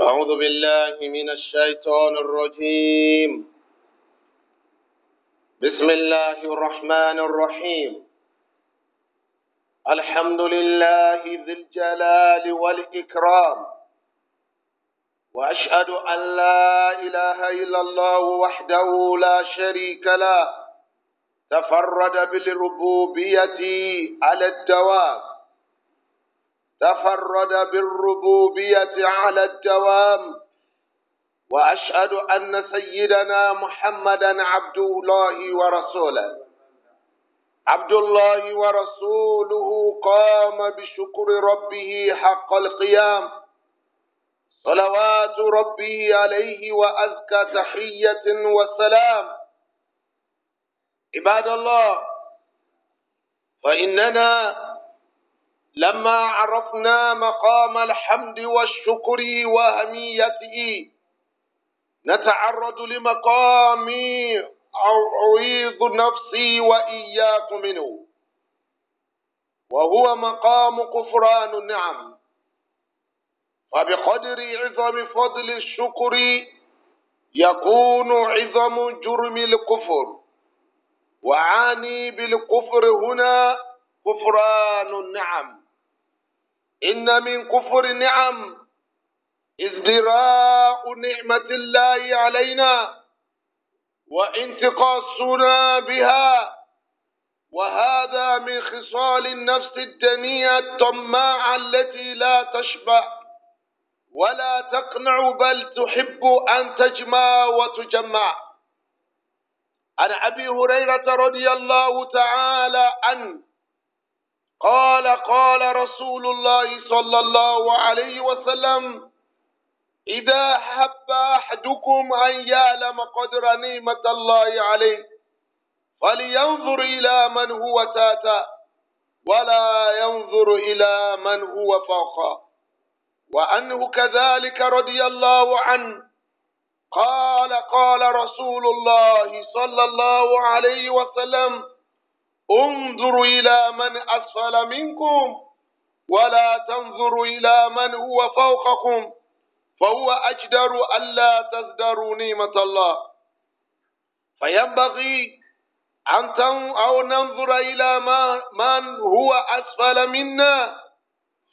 أعوذ بالله من الشيطان الرجيم بسم الله الرحمن الرحيم الحمد لله ذي الجلال والإكرام وأشهد أن لا إله إلا الله وحده لا شريك له تفرد بالربوبية على الدواب تفرد بالربوبية على الدوام وأشهد أن سيدنا محمدا عبد الله ورسوله عبد الله ورسوله قام بشكر ربه حق القيام صلوات ربه عليه وأزكى تحية وسلام عباد الله فإننا لما عرفنا مقام الحمد والشكر وأهميته نتعرض لمقام أو أعيذ نفسي وإياكم منه وهو مقام كفران النعم فبقدر عظم فضل الشكر يكون عظم جرم الكفر وعاني بالكفر هنا كفران النعم إن من كفر النعم ازدراء نعمة الله علينا وانتقاصنا بها وهذا من خصال النفس الدنية الطماعة التي لا تشبع ولا تقنع بل تحب أن تجمع وتجمع عن أبي هريرة رضي الله تعالى عنه قال قال رسول الله صلى الله عليه وسلم إذا حب أحدكم أن يعلم قدر نعمة الله عليه فلينظر إلى من هو تاتا ولا ينظر إلى من هو فوقا وأنه كذلك رضي الله عنه قال قال رسول الله صلى الله عليه وسلم انظروا إلى من أسفل منكم ولا تنظروا إلى من هو فوقكم فهو أجدر ألا تزدروا نعمة الله فينبغي أن أو ننظر إلى ما من هو أسفل منا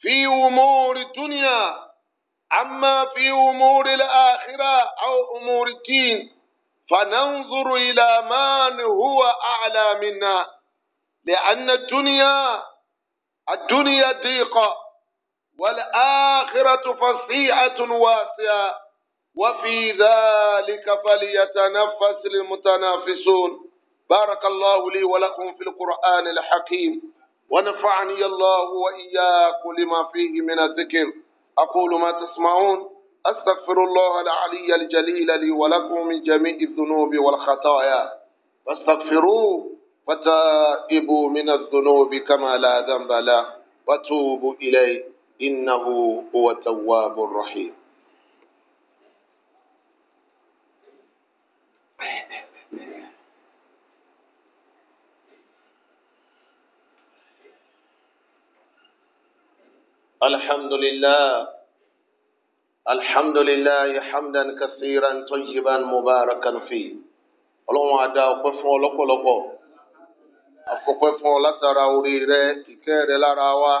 في أمور الدنيا أما في أمور الآخرة أو أمور الدين فننظر إلى من هو أعلى منا لأن الدنيا الدنيا ضيقة والآخرة فصيحة واسعة وفي ذلك فليتنفس المتنافسون بارك الله لي ولكم في القرآن الحكيم ونفعني الله وإياكم لما فيه من الذكر أقول ما تسمعون أستغفر الله العلي الجليل لي ولكم من جميع الذنوب والخطايا فاستغفروه وتائبوا من الذنوب كما لا ذنب له وتوبوا إليه إنه هو التواب الرحيم الحمد لله الحمد لله حمدا كثيرا طيبا مباركا فيه اللهم أدعو لقو لقو ọpẹ́ fún ọ látara orí rẹ ìkẹ́ rẹ lára wa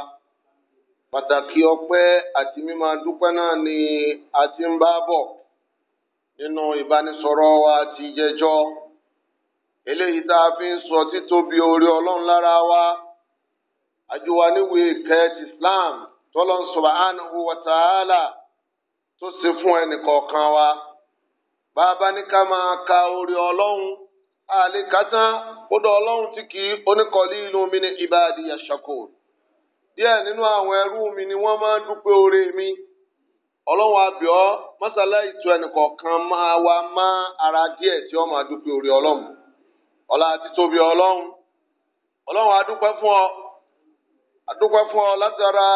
pàtàkì ọpẹ́ àti mímọ̀ dúpẹ́ náà ni a ti ń bá bọ̀ nínú ìbánisọ̀rọ̀ wa ti jẹjọ eléyìí tá a fi ń sọ títóbi orí Ọlọ́run lára wa àjùwà níwèé ìkẹ́ ti Islam tọlọ́n subhanahu wa ta'ala tó ṣe fún ẹnìkọ̀ọ̀kan wa bá a bá ní ká máa ka orí Ọlọ́run. àlekátán kódọ̀ ọlọ́run tí kì í oníkọ̀ọ́lì inú mi ní ibadi yashako díẹ̀ nínú àwọn ẹrú mi ni wọ́n máa ń dúpẹ́ oore mi ọlọ́run àbíọ́ mọ́sálá ìtú ẹnìkọ̀ọ̀kan máa wá má ara díẹ̀ tí ó ma dúpẹ́ ore ọlọ́run ọlá àti tóbi ọlọ́run ọlọ́run adúpẹ́ fún ọ adúpẹ́ fún ọ latara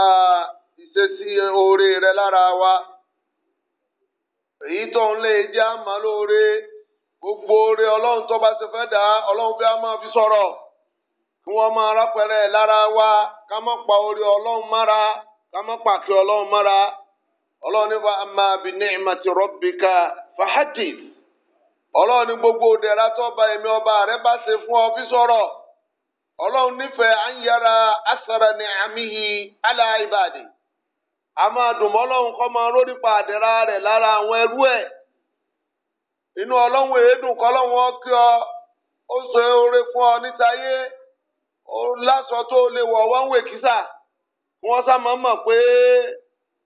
isesi ore rẹ lára wa èyí tó ń lé jẹ́ àmàlóore. gbogbo ọrịa ọlọ́run tó bá ti fẹ́ dá ọlọ́run fẹ́ máa fi sọ̀rọ̀ kí wọ́n máa rápẹ̀rẹ̀ lára wa ká má pa ọlọ́run mára ká má ọlọ́run mára ọlọ́run ní bi ni'mati rabbika ọlọ́run ní gbogbo tó bá èmi ọba rẹ bá asara ní àmìhì aláìbàdì ọlọ́run kọ́ máa rórí pa rẹ̀ lára àwọn ẹrú ẹ̀ inú ọlọ́run èédùn kọ́lọ́run kí ọ ó ṣe oore fún ọ nítayé ó láṣọ tó lè wọ̀ wọ́n ń wè kísà kí wọ́n sáà máa mọ̀ pé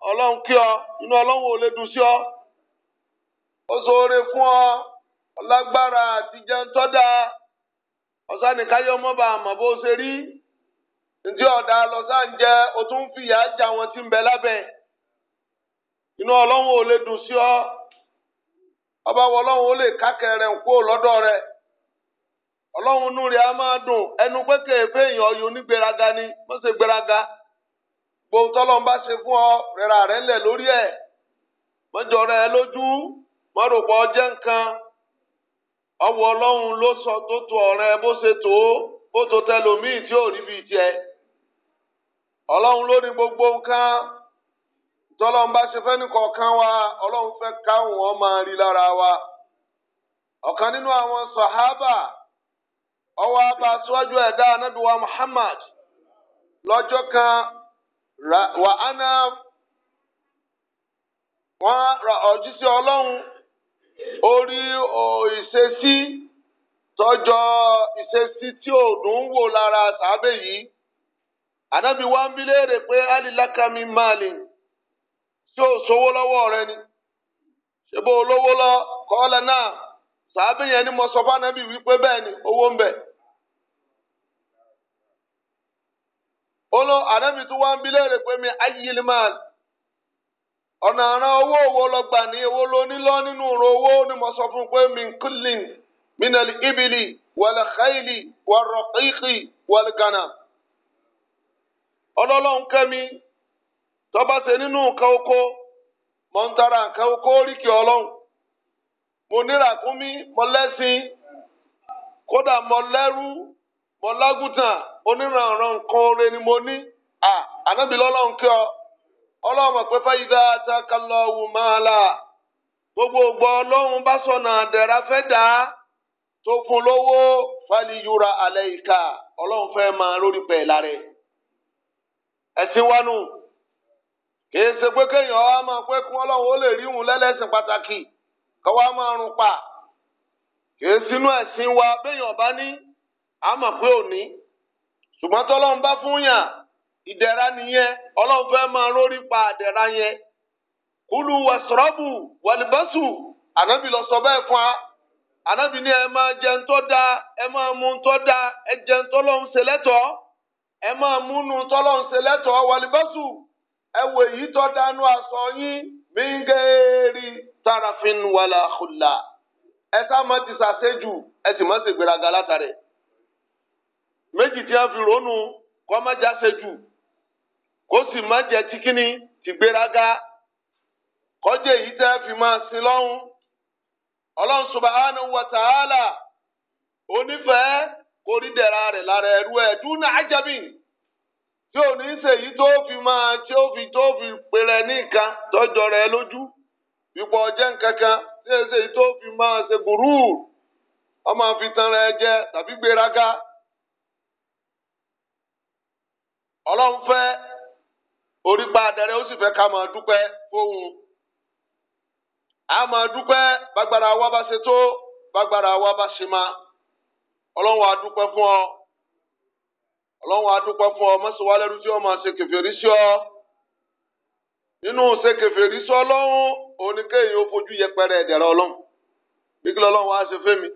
ọlọ́run kí ọ inú ọlọ́run ò lè dùn sí ọ ó ṣe oore fún ọ ọlágbára àtijọ́ tọ́da ọ̀sánìkáyọ̀ mọ́ba àmọ́ bó ṣe rí ntí ọ̀dà lọ́sàn o tún fìyà já wọn tí ń bẹ lábẹ́ inú ọlọ́run ò lè dùn sí ọ. ọba wọ ọlọ́run ó lè kákẹ́ rẹ̀ ń lọ́dọ̀ rẹ̀ ọlọ́run inú rẹ̀ máa dùn ẹnu pé kéèpé èèyàn ọyọ onígbéraga ni wọ́n ṣe gbéraga gbogbo tọ́lọ́n bá ṣe fún ọ rẹ̀ra rẹ̀ lẹ̀ lórí ẹ̀ mọ́jọ rẹ̀ lójú mọ́rùpọ̀ jẹ́ nǹkan ọwọ́ ọlọ́run ló sọ tó tó ọ̀rẹ́ bó ṣe tó bó tó tẹlòmíì tí ò rí bíi tiẹ̀ ọlọ́run ló ní gbogbo nǹkan. tọ́lọ́n bá ṣe fẹ́ nìkọ̀ọ̀kan wa ọlọ́run fẹ́ káwọn ọmọ rí lára wa ọ̀kan nínú àwọn sàhábà ọwọ́ abá síwájú ẹ̀dá anábìwá Muhammad lọjọ kan wà á ná wọ́n ra ọ̀jíṣẹ́ ọlọ́run orí ìṣesí tọ́jọ́ ìṣesí tí ò dùn wò lára sàábẹ̀ yìí anábìwá ń bi léèrè pé alilakami malin. tí ò sówó rẹ ni ṣé bó lọ kọ́lẹ̀ náà ni mo sọ fún anábì wípé bẹ́ẹ̀ ni owó ń bẹ. olo anábì tún wá ń bi pé mi ayíyílí máa ọ̀nà àràn owó òwò lọ gbà owó ló lọ nínú ọ̀rọ̀ ni mo sọ fún pé mi ibili wàlẹ̀ xayili wàlẹ̀ gánà tọba ṣe nínú nǹkan oko mọ̀ ń tara oko oríkì ọlọ́run mo níràkúnmí mo lẹ́sìn kódà mo lẹ́rú mo lágùtàn onírànràn nǹkan oore ni mo ní à ànábì lọ́lọ́run kí ọ ọlọ́run ma pé fẹ́yìí ta ká lọ wù gbogbo bá kì í ṣe pé kéèyàn wá máa pé kí ọlọ́run ó lè rí òun lẹ́lẹ́sìn pàtàkì kó wá máa pa kì í ẹ̀sìn wa béèyàn bá ní àmọ̀ pé òní ṣùgbọ́n tọ́lọ́run bá fún yàn ìdẹ̀ra nìyẹn ọlọ́run fẹ́ máa pa àdẹ̀ra yẹn kúlù ànábì lọ sọ bẹ́ẹ̀ fún wa ànábì ní ẹ máa jẹ ń tó da ẹ máa mu ń tó da ẹ jẹ ń ṣe ẹwẹ yìí tọ́ dánú aṣọ yín mingeri tarafin wala khula ẹ e sá ma ti sàṣejù ẹ e sì má ṣe gbéraga látàrẹ méjì tí a fi ronú kọ má já ṣejù kó sì má jẹ tíkíní ti gbéraga kọjá èyí tẹ́ fi máa sin lọ́hùn ọlọ́run subhanahu wa ta'ala onífẹ̀ẹ́ kórìdẹ̀ra rẹ̀ lára e ẹrú ẹ̀ dúnà ájábìn. tí ò ní ṣèyí tó fi máa tí ó fi tó fi pèrè tọjọ rẹ lójú ipò ọjẹ nkankan tí ẹ ṣèyí tó fi máa ṣe gùrù ọmọ àfitan rẹ jẹ tàbí gbéraga Ọlọ́run fẹ́ orípa àdàrẹ ó sì fẹ́ ká máa dúpẹ́ fóun máa dúpẹ́ bágbára wa bá ṣe ọlọ́run adúpẹ́ fún ọ mọ́sánwá lẹ́rú tí wọ́n máa ọ nínú ṣe kẹfẹ́rí fojú yẹpẹrẹ ẹ̀dẹ̀rẹ̀ ọlọ́run bí kí lọ́lọ́run ṣe fẹ́mi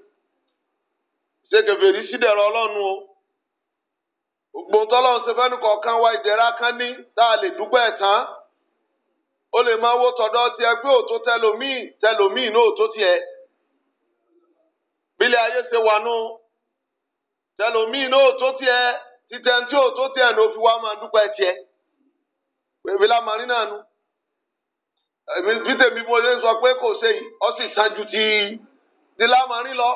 mi sí dẹ̀rẹ̀ o gbogbo ṣe fẹ́ nìkan wa kan ní tá a lè ẹ̀ tán ó lè máa wó tọ̀dọ̀ pé tiẹ̀ bílẹ̀ ayé ṣe wà títẹ̀ tí ò tó tẹ̀ ní o fi wá máa dúpẹ́ èmi la màrí náà èmi bí tèmi pé kò ṣe yìí ọ ti ti la màrí lọ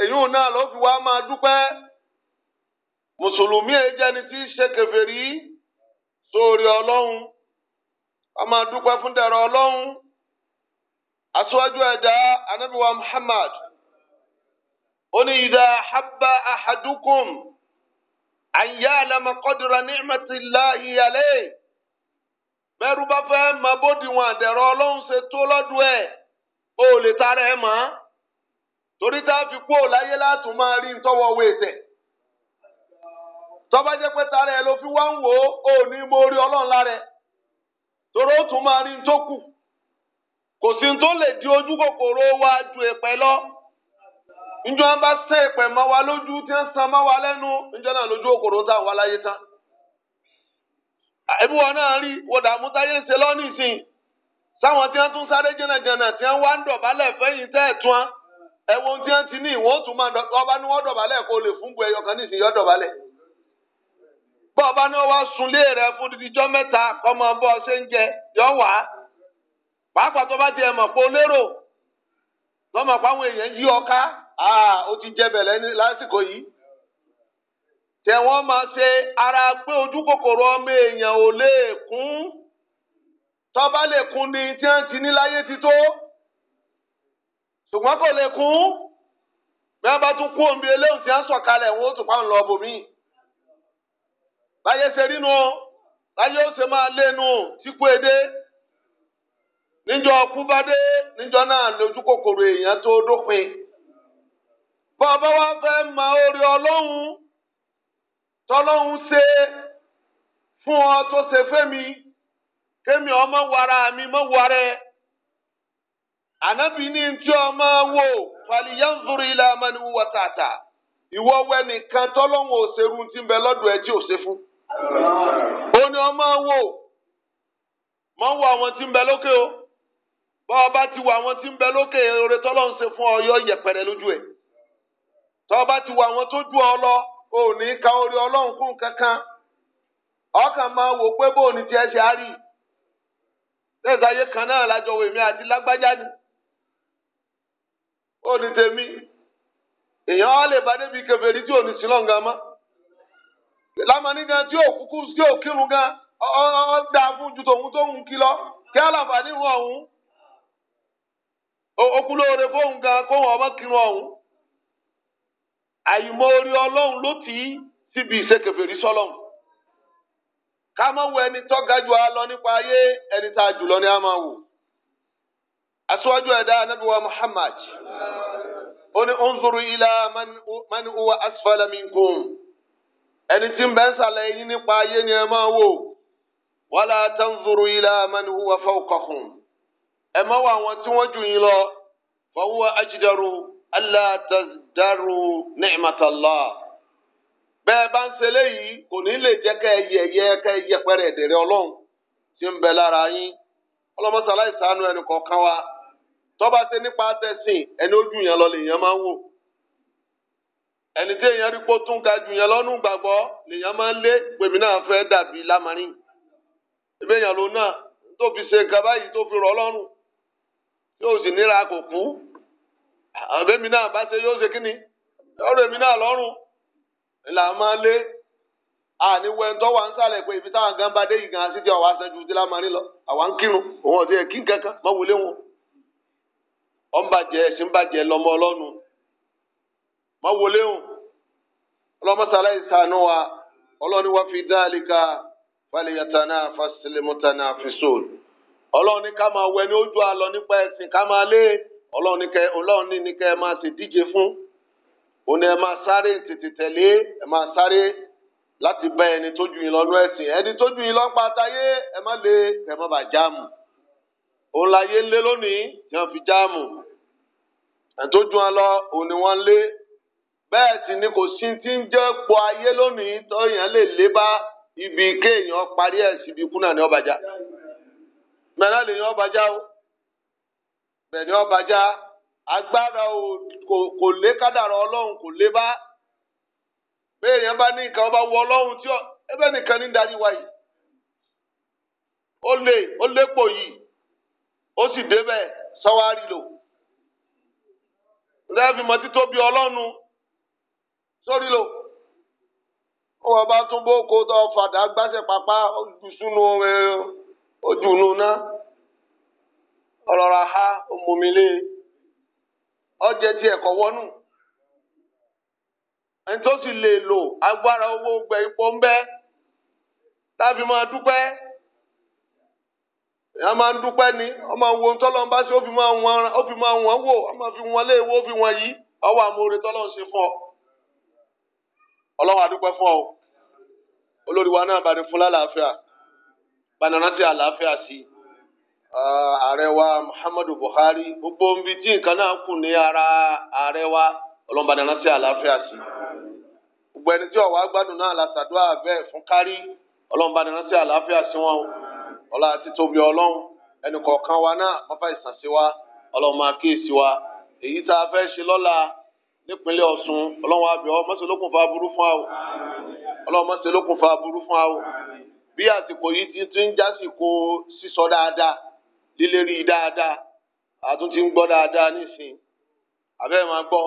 èyí ò náà ló fi wa ma dúpẹ́ mùsùlùmí ẹ jẹ́ni tí ṣe kèfèrí sórí ọlọ́run a ma dúpẹ́ fún ọlọ́run Muhammad ida haba an ya'lama qadra ni'matillahi alayhi bẹ́rù bá fẹ́ mọ bódiwọ̀n àdẹ̀rọ ọlọ́run ṣe tó lọ́dún ẹ̀ ó lè tara ẹ̀ mọ́ torí tá a fi kú máa rí owó ètẹ̀ tara ẹ̀ ló fi wá ń wò ó ò ní mo rí ọlọ́run lára ẹ̀ torí ju njọ bá sẹ́ ẹ̀pẹ̀ mọ́ wa lójú tí ń san mọ́ wa lẹ́nu njọ náà lójú òkòrò tá à wá láyé tán. ẹbí wọn náà rí wọ́n dààmú ń ṣe lọ́nìí sí i sáwọn tí a tún sáré jẹnàjẹnà tí wọ́n wá ń dọ̀bálẹ̀ fẹ́yìn tẹ́ ẹ̀ tún ẹ̀wọ̀n tí ti ní ìwọ̀n tún máa ọba ní dọ̀bálẹ̀ kó lè fún ọ Aa, o ti jẹ bẹlẹ lásìkò yìí tẹ máa ṣe ara pé ojú kòkòrò ọmọ èèyàn ò lè ni tí wọ́n ti ní láyé ti tó ṣùgbọ́n kò lè kún bí wọ́n bá tún kú òǹbí eléyìí tí wọ́n sọ̀kalẹ̀ wọ́n ó tún pàrọ̀ lọ bòmí láyé ṣe rí nu láyé ó ṣe máa lénu tí kú edé bá dé bọ́ọ̀bá wa fẹ́ mọ orí ọlọ́run tọ́lọ́run ṣe fún ọ tó ṣe fẹ́mi kémi ọmọ wara mi mọ wara ẹ ànábì ní tí ọmọ wò fàlìyànzúrú ilẹ̀ amániwú wọ tààtà ìwọ wẹ nìkan tọ́lọ́run òṣèrú ti ń bẹ lọ́dọ̀ ẹ tí fún. ó ní ọmọ wo mọ wọ àwọn tí ń bẹ lókè o bọ́ọ̀ bá ti wọ àwọn tí ń bẹ lókè oore tọ́lọ́run ṣe fún ọ yọ yẹpẹrẹ lójú ẹ̀. tọ́ bá ti wo àwọn tó ju ọ lọ ò ní ka orí ọlọ́run kún kankan ọkàn máa wò pé bó ní tiẹ̀ ṣe á rí lẹ́sà ayé kan náà lájọ wo èmi àti lágbájá ni ó ní tèmi èèyàn á lè bá débi kèfèrí tí ò ní sí lọ́ǹgà mọ́ lámàní gan tí ò kúkú tí ò kírun gan ọ dá fún ju tòun tó ń kí lọ kí àlàfà nírun ọ̀hún okùn lóore fóun gan kóun ọmọ kírun ọ̀hún àyìnmórí ọlọ́run ló tì í síbi ìṣèkèfèrí sọ́lọ́run ká má wo ẹni tó ga jù á lọ nípa ayé ẹni tá a jù lọ ni a máa wò aṣíwájú ẹ̀dá anábíwá Muhammad ó ní unzuru ila man huwa asfala minkum ẹni tí ń bẹ ń sàlẹ̀ yín nípa ayé ni ẹ máa wò wala tanzuru ila man huwa fawqakum ẹ má wo àwọn tí wọ́n jù yín lọ fa huwa Allah tazdaru ni'matallah. bẹ́ẹ̀ bá ń ṣe yi kò ní lè jẹ́ kẹ́ ẹ yẹ̀yẹ́ kẹ́ ẹ yẹpẹrẹ ẹdẹrẹ ọlọ́run ti ń bẹ lára yín ọlọ́mọsálá ìsànú ẹnì kọ̀ọ̀kan wa tọ́ba ṣe nípa tẹ̀sìn ẹni ojú yẹn lọ lèèyàn máa ń wò ẹni tí èèyàn rí pọ́ ga jù yẹn lọ́nù gbàgbọ́ lèèyàn máa ń lé a èmi mina bá ṣe yóò ṣe kíni ọ̀rọ̀ èmi náà lọ́rùn ma máa lé àníwẹ̀ ń tọ́wọ́ à pé ibi táwọn gan bá dé yìí gan àti tí ọ̀wá sanju ti lọ àwa kírun òun ọ̀tí kí kankan má wọlé wọn. ọ̀ ń bàjẹ́ ẹ̀sìn má wọn. ìsànú wa wa fi dhalika fàlẹ́yàtàná fàṣẹlẹ́mọ́tàná fìṣòl ọlọ́ni ká máa wẹ ní ojú àlọ́ nípa ká máa ọlọ́run ní kẹ ọlọ́run ní ẹ máa ṣe díje fún òun ni ẹ sáré tètè tẹ̀lé ẹ máa sáré láti bá ẹni tójú yín lọ́nú ẹ̀sìn ẹni tójú yín lọ́pàá àtàyé ẹ má lè ẹ má jáàmù òun láyé lé lónìí tí fi jáàmù ẹni tójú lọ òun ni wọ́n ń lé bẹ́ẹ̀ ti ń jẹ́ ayé lónìí tó yẹn lé bá ibi kéèyàn parí ẹ̀ síbi kúnà ní ọbàjá ọbàjá o. bẹ̀ni ọbàjá agbára kò lé kádàrá ọlọ́run kò lé bá bẹ́ẹ̀ yẹn bá ní nǹkan ọba wọ ọlọ́run tí ẹbẹ́ nìkan ní darí wa yìí ó lè ó lépò yìí ó sì débẹ̀ sọ́wárì lò rẹ́ẹ̀fì mọ́tí tó bí ọlọ́run sórí lò bá tún ọlọ́ra ha omomile ọjẹ tiẹ̀ kọ́ wọnú ẹni tó sì lè lò agbára owó gbẹ ipò ń bẹ máa dúpẹ́ èèyàn máa ń ni ọmọ wo ń bá sí ó fi máa wọ́n wò ọmọ fi wọ́n ma fi wọ́n yí ọwọ́ àmúre tọ́lọ́ ṣe fún ọ ọlọ́wọ́ àdúpẹ́ fún ọ olórí wa náà bá ní bá sí i. ààrẹ wa Muhammadu Buhari gbogbo nbí tí nǹkan náà kù ní ara ààrẹ wa ọlọ́mọbàdàn rántí àlàáfíà sí gbogbo ẹni tí ọ̀wá gbádùn náà làṣàdúrà bẹ́ẹ̀ fún kárí ọlọ́mọbàdàn rántí àlàáfíà sí wọn ọlá àti tóbi ọlọ́run ẹnì kọ̀ọ̀kan wa náà mọ́fà ìsànsí wa ọlọ́run máa kíyèsí wa èyí tá a fẹ́ ṣe lọ́la nípínlẹ̀ Ọ̀ṣun ọlọ́run àbẹ̀ ọ mọ́sẹ̀lókùn fa burú fún àwọ̀ ọlọ́run mọ́sẹ̀lókùn fa burú fún àwọ̀ bí àsìkò yìí ti ń jásìkò sísọ dáadáa I dáadáa àtún ti ń gbọ́ dáadáa nísìn abẹ́rẹ́ máa gbọ́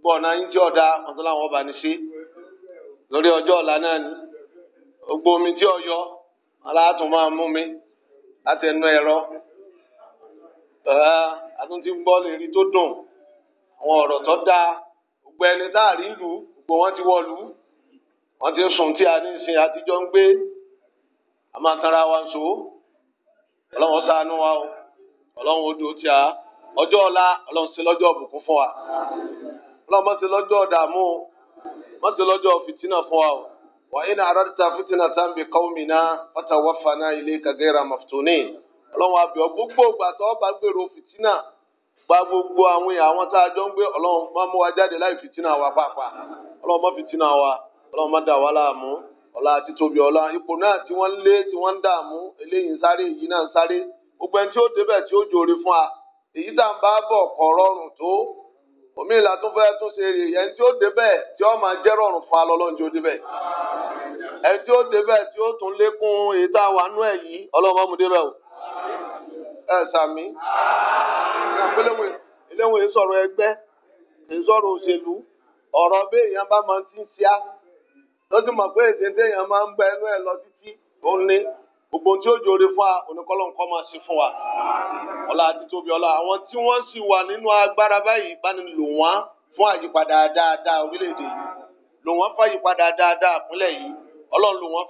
gbọ́ ọ̀nà yín tí ọ̀dà ọ̀tún làwọn ọba ní sí lórí ọjọ́ ọ̀la náà ni gbogbo omi tí ọ̀yọ́ aláàtún máa mú mi láti ẹnu ẹ̀rọ àtún ti ń gbọ́ lérí tó dùn àwọn ọ̀rọ̀ tó dáa gbogbo ẹni táàrí ìlú gbogbo wọn ti wọlú wọn ti ń sùn tí a ní sin àtijọ́ ń gbé a máa tanra wa ń so. ọlọ́run ṣàánú wa o ọlọ́run ó tí a ọjọ́ ọ̀la ọlọ́run ṣe lọ́jọ́ ọ̀bùkún fún wa ọlọ́run má ṣe lọ́jọ́ ọ̀dààmú o ṣe lọ́jọ́ fún wa o ọlọ́run gbogbo ìgbà tó bá gbèrò fìtínà gba gbogbo àwọn àwọn tá a jọ ń gbé ọlọ́run má mú wa jáde láì fìtínà wa pàápàá ọlọ́run fìtínà wa ọlọ́run ọlá títóbi ọlá ipò náà tí wọ́n ń lé tí wọ́n ń dààmú eléyìí ń sáré èyí náà ń sáré gbogbo ẹni tí ó débẹ̀ tí ó jòrè fún wa èyí tá à ń bá bọ̀ kọ̀ rọrùn tó omi ìlà tó fẹ́ tó ṣe rè ẹni tí ó débẹ̀ tí ó máa jẹ́ rọrùn fún wa tí ó débẹ̀ ẹni tí ó débẹ̀ tí ó tún lékún èyí tá a wà nú ẹ̀ yìí ọlọ́run mú débẹ̀ o ẹ sàmí eléwọ̀n sọ̀rọ̀ ẹgbẹ́ ìsọ̀rọ̀ òṣèlú ọ̀rọ̀ bẹ́ẹ̀ yẹn bá máa ti ń ṣíá lọ́sí mọ̀ pé èdè téèyàn máa ń bẹ ẹnu ẹ̀ lọ títí òun ní gbogbo tí ó jòrè fún wa nkọ máa ṣe fún wa ọlá àti tóbi ọlá àwọn tí wọ́n sì wà nínú agbára báyìí bá ní lò wọ́n fún àyípadà dáadáa orílẹ̀-èdè yìí lò wọ́n fàyípadà dáadáa àpínlẹ̀ yìí ọlọ́run lò wọ́n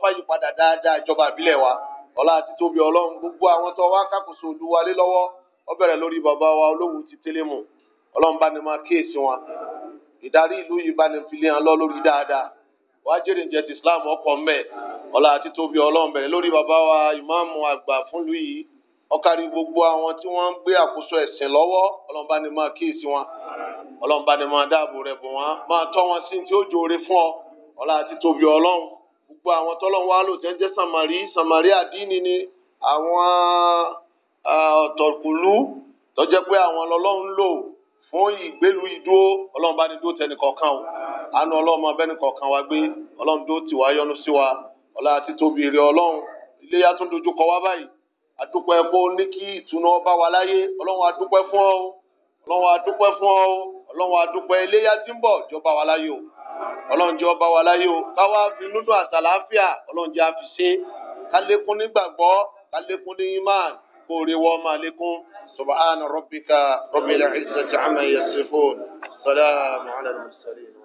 wa ọlá àti tóbi ọlọ́run gbogbo àwọn tó wá kàkóso olúwalé lọ́wọ́ ó bẹ̀rẹ̀ lórí bàbá wa olówó ti tẹ́lẹ̀ wàá jèrè ǹjẹ́ ti islam ọkọ̀ mbẹ́ ọlá àti tóbi ọlọ́run bẹ̀rẹ̀ lórí bàbá wa ìmáàmù àgbà fúnlùú yìí ọkàrí gbogbo àwọn tí wọ́n ń gbé àkóso ẹ̀sìn lọ́wọ́ ọlọ́run bá ní máa kíyèsí wọn ọlọ́run bá ní máa dáàbò rẹ̀ bò wọ́n máa tọ́ wọn sí tí ó jòrè fún ọ ọlá àti tóbi ọlọ́run gbogbo àwọn tọ́lọ́run wá lò jẹ́jẹ́ sàmárì sàmárì àdínì ni àwọn ọ̀tọ̀kùlú tọ́jẹ́ pé àwọn ọlọ́run lò fún ìgbélu ìdúró ọlọ́run bá ní dúró tẹnìkọ̀ọ̀kan o àánú ọlọ́mọ abẹ́ni kọ̀ọ̀kan wa gbé ọlọ́run tó tì wá yọ́nú sí wa ọlá àti tóbi èrè ọlọ́run iléyà tún dojú kọ wá báyìí àdúpẹ́ kó ní kí ìtùnú ọba wa láyé ọlọ́run àdúpẹ́ fún ọ ọlọ́run àdúpẹ́ fún ọ ọlọ́run àdúpẹ́ iléyà tí ń bọ̀ jọba wa láyé o ọlọ́run jẹ́ ọba wa láyé o káwá fi núdùn àtàlàáfíà ọlọ́run jẹ́ àfi ṣe kálékún nígbàgbọ́ kálékún ní imán kó rí wọ́n máa lékún subhana rabbika rabbil izzati amma yasifun salamu ala al